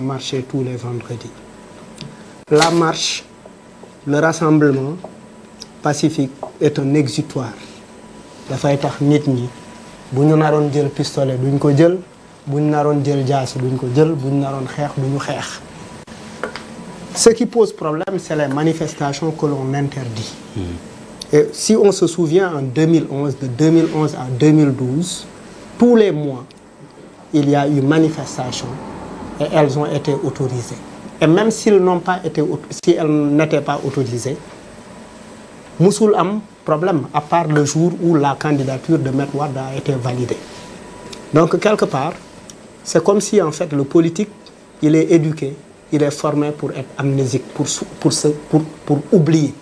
marché marcher tous les vendredis. La marche, le rassemblement pacifique est un exutoire dafay tax nit ñi bu ñu naroon jël pistolet duñ ko jël bu ñu naroon jël jaasi ñu ko jël bu ñu naroon xeex duñu xeex. Ce qui pose problème, c'est les manifestations que l'on interdit. Mmh. Et si on se souvient en 2011, de 2011 à 2012, tous les mois, il y eu manifestation et elles ont été autorisées. Et même s'ils n'ont pas été, si elles n'étaient pas autorisées, Moussoul am problème, à part le jour où la candidature de Maître Ward a été validée. Donc, quelque part, c'est comme si, en fait, le politique, il est éduqué, il est formé pour être amnésique, pour, pour, se, pour, pour oublier.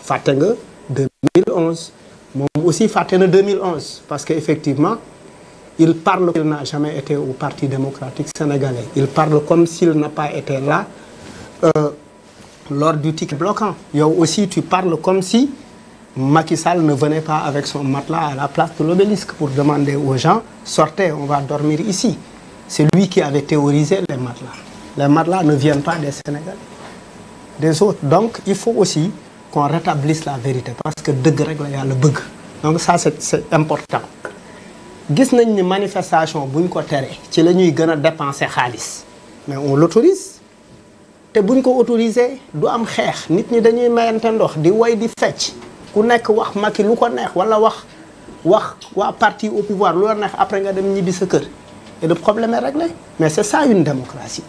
Fatengue, 2011, moi aussi Fatengue 2011, parce qu'effectivement, Il parle qu'il n'a jamais été au Parti démocratique sénégalais. Il parle comme s'il n'a pas été là euh, lors du ticket bloquant. Yow aussi, tu parles comme si Macky Sall ne venait pas avec son matelas à la place de l'obélisque pour demander aux gens, sortez, on va dormir ici. C'est lui qui avait théorisé les matelas. Les matelas ne viennent pas des Sénégalais, des Donc, il faut aussi qu'on rétablisse la vérité parce que dëgg rek la Yàlla bëgg. Donc ça, c'est important. gis nañ ni manifestation buñ ko tere ci la ñuy gën a dépenser xaalis mais on l'autorise te buñ ko autorisé du am xeex nit ñi dañuy mayante ndox di way di fecc ku nekk wax Macky lu ko neex wala wax wax waa parti au pouvoir lu la neex après nga dem ñibbi sa kër et le problème est réglé mais c'est ça une démocratie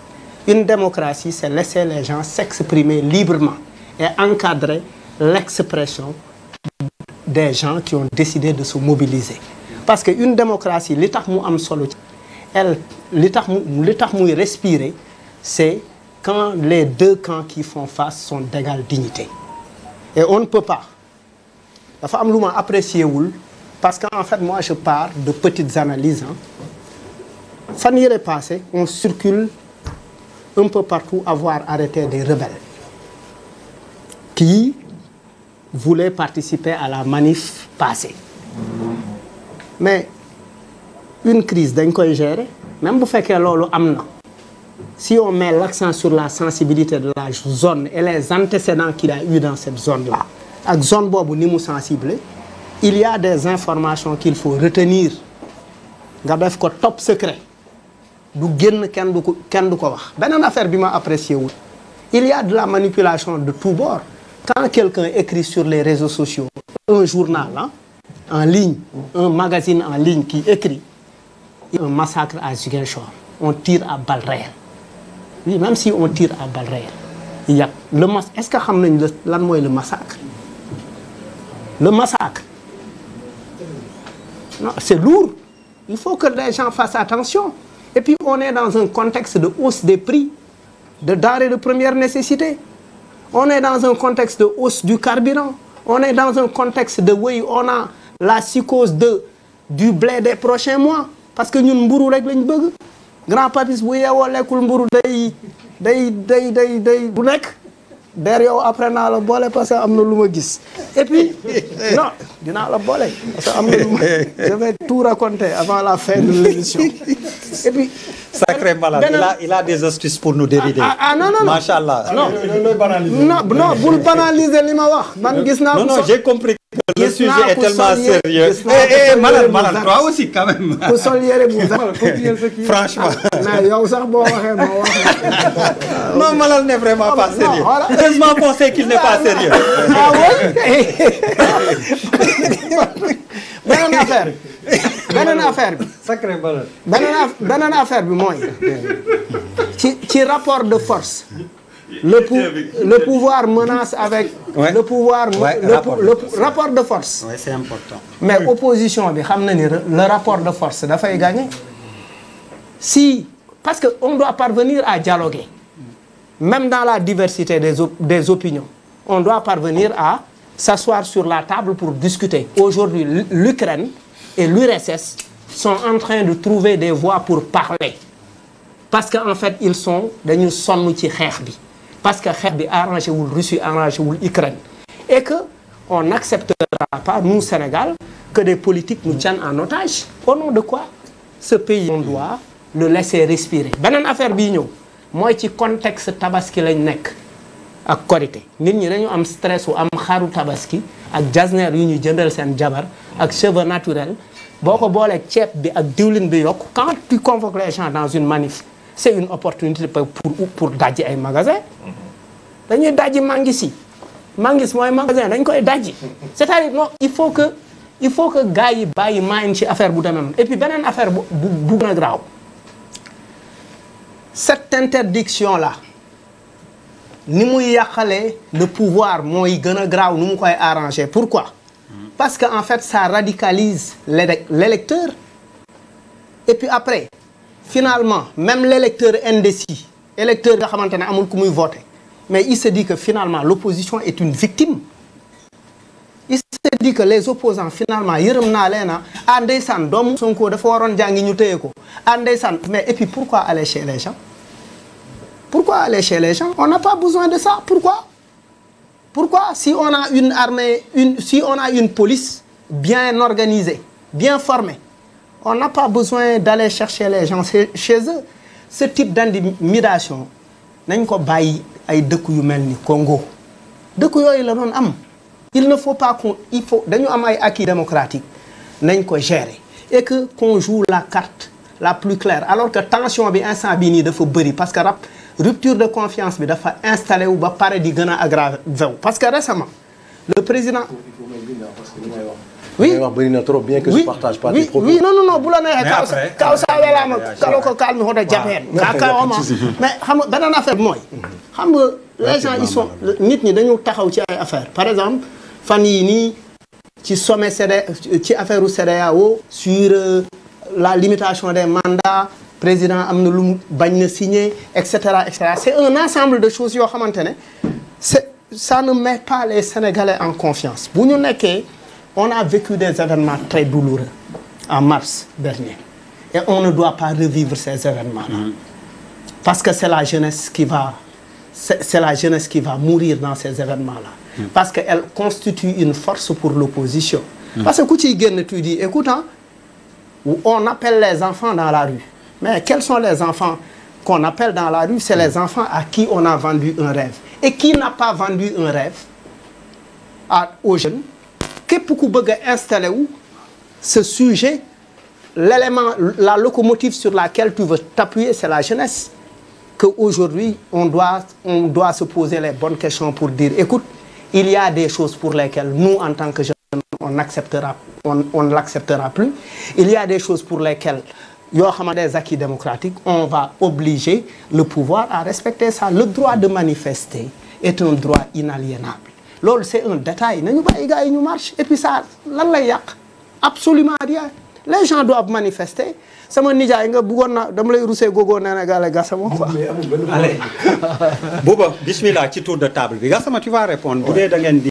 une démocratie c'est laisser les gens s'exprimer librement et encadrer l'expression des gens qui ont décidé de se mobiliser parce que une démocratie li tax mu am solo ci elle li tax mu tax muy respirer c'est quand les deux camps qui font face sont d'égale dignité et on ne peut pas dafa am lu ma apprécié wul parce que en fait moi je pars de petites analyses ah fan yële passé on circule un peu partout avoir arrêté des rebelles qui voulaient participer à la manif passée mais une crise dañ koy gérer même bu fekkee loolu am na si on met l'accent sur la sensibilité de la zone et les antécédents qu'il a eu dans cette zone-là ak zone boobu ni mu sensible il y a des informations qu'il faut retenir nga def ko top secret du génn kenn du ko kenn du ko wax beneen affaire bi ma apprécié wul il y a de la manipulation de tous bords quand quelqu'un écrit sur les réseaux sociaux un journal ah en ligne, un magasin en ligne qui écrit un massacre à Ziguinchor. On tire à balles réelles. Oui, même si on tire à balles réelles, le massacre. Est-ce que xam nañ lan mooy le massacre? Le massacre. Non, c'est lourd. Il faut que les gens fassent attention. Et puis on est dans un contexte de hausse des prix de denrées de première nécessité. On est dans un contexte de hausse du carburant. On est dans un contexte de oui, on a la psychose de du blé des prochains mois parce que ñun mburu rek lañ bëgg grand papis bu yeewoo lekkul mburu day day day day day bu nekk der yow après naa la boole parce que am na lu ma gis et puis dinaa la boole parce que am na lu ma je vais tout raconter avant la fin de l'émission et puis sacré malade il a il a des astuces pour nous dérider. ah ah non non macha allah. li ma wax. man gis naa. non non que le sujet tellement sérieux. eh eh malal malal toi aussi quand bu ah, sax. franchement. ma wax. non malal n'est vraiment pas ah, sérieux. heureusement qu'il n'est pas ah, sérieux. ah oui. beneen affaire bi beneen affaire bi. sacré ci rapport de force. le, le pouvoir menace avec. Ouais. le pouvoir le, rapport, de rapport de force. mais opposition bi xam na ni le rapport de force dafay gagner si parce que on doit parvenir à dialoguer même dans la diversité des des opinions on doit parvenir à s'asseoir sur la table pour discuter. aujourd'hui l'Ukraine et l'URSS sont en train de trouver des voies pour parler parce que en fait ils sont dañu sonn ci xeex bi. parce que xeet bi arrangé wul Russie arrangé wul Ukraine et que on n'acceptera pas nous Sénégal que des politiques nous tiennent en otage au nom de quoi ce pays on doit le laisser respirer beneen affaire bii ñëw mooy ci contexte tabaski lañ nekk ak korité nit ñi dañu am stress wu am xaru tabaski ak jasneer yu ñuy jëndeel seen jabar ak cheveux naturels boo ko boolee ceeb bi ak diwlin bi yokk quand tu convoques les gens dans une manif c'est une opportunité pour pour dajji ay magasin dañuy dajji mangis yi mangis mooy magasin dañ koy dajji c'est-à-dire non il faut que il faut que gars yi bàyyi maayin ci affaire bu demee et puis beneen affaire bu bu gën a graaw cette interdiction là ni muy yàqalee le pouvoir mooy gën a graaw nu mu koy arranger pourquoi parce que en fait ça radicalise l'électeur et puis après finalement même l' électeur indécis électeur nga xamante ne amul ku muy voté mais il se dit que finalement l' opposition est une victime il se dit que les opposants finalement yërëm naa leen a ah ndeysaan doomu Sonko dafa waroon jàngi ñu téye ko ah ndeysaan mais et puis pourquoi aller chez les gens pourquoi aller chez les gens on n'a pas besoin de ça pourquoi pourquoi si on a une armée une si on a une police bien organisée bien formée on n'a pas besoin d'aller chercher les gens chez eux ce type d'intimidation nañ ko bàyyi ay dëkk yu mel ni Congo dëkk yooyu la doon am il ne faut pas qu'on il faut dañu am ay acquis démocratique nañ ko gérer et que qu'on joue la carte la plus claire alors que tension bi instant bii nii dafa bëri parce que rab rupture de confiance bi dafa installé wu ba pare di gën a aggravé wu parce que récemment le président oui wax bëri na trop bien que je partage pas tes propos. non non non bu la neexee. kaw sa welaama kalo ko kaal mi xoo da jafeen. kaa kawama mais xam nga beneen affaire bi mooy. xam nga les nit ñi dañu taxaw ci ay affaires par exemple fan yii nii ci sommet ci affaire u CEDEAO sur euh, la limitation des mandats président am na lu bañ na signer et cetera et cetera c'est un ensemble de choses yoo xamante ne c'est ça ne met pas les Sénégalais en confiance bu ñu nekkee. on a vécu des événements très douloureux en mars dernier. Et on ne doit pas revivre ces événements-là. Mm-hmm. Parce que c'est la jeunesse qui va c'est la jeunesse qui va mourir dans ces événements-là. Mm-hmm. Parce qu'elle constitue une force pour l'opposition. Mm-hmm. Parce que quand tu y tu dis, écoute, hein, on appelle les enfants dans la rue. Mais quels sont les enfants qu'on appelle dans la rue C'est les enfants à qui on a vendu un rêve. Et qui n'a pas vendu un rêve à, aux jeunes képp ku bëgg a installé wu ce sujet l'élément la locomotive sur laquelle tu veux t'appuyer c'est la jeunesse que aujourd'hui on doit on doit se poser les bonnes questions pour dire écoute il y a des choses pour lesquelles nous en tant que jeunes on acceptera on on ne l'acceptera plus il y a des choses pour lesquelles yoo xamante des acquis démocratiques on va obliger le pouvoir à respecter ça le droit de manifester est un droit inaliénable loolu c'est un détail nañu bàyyi gars yi ñu marche et puis ça lan lay yàq absolument rien les gens doivent manifester sama nijaay nga bëggoon na dama lay rousser googoo nee na gaale Gassama quoi. allez Bouba bismillah ci tour de table bi Gassama tu vas répondre bu dee da di.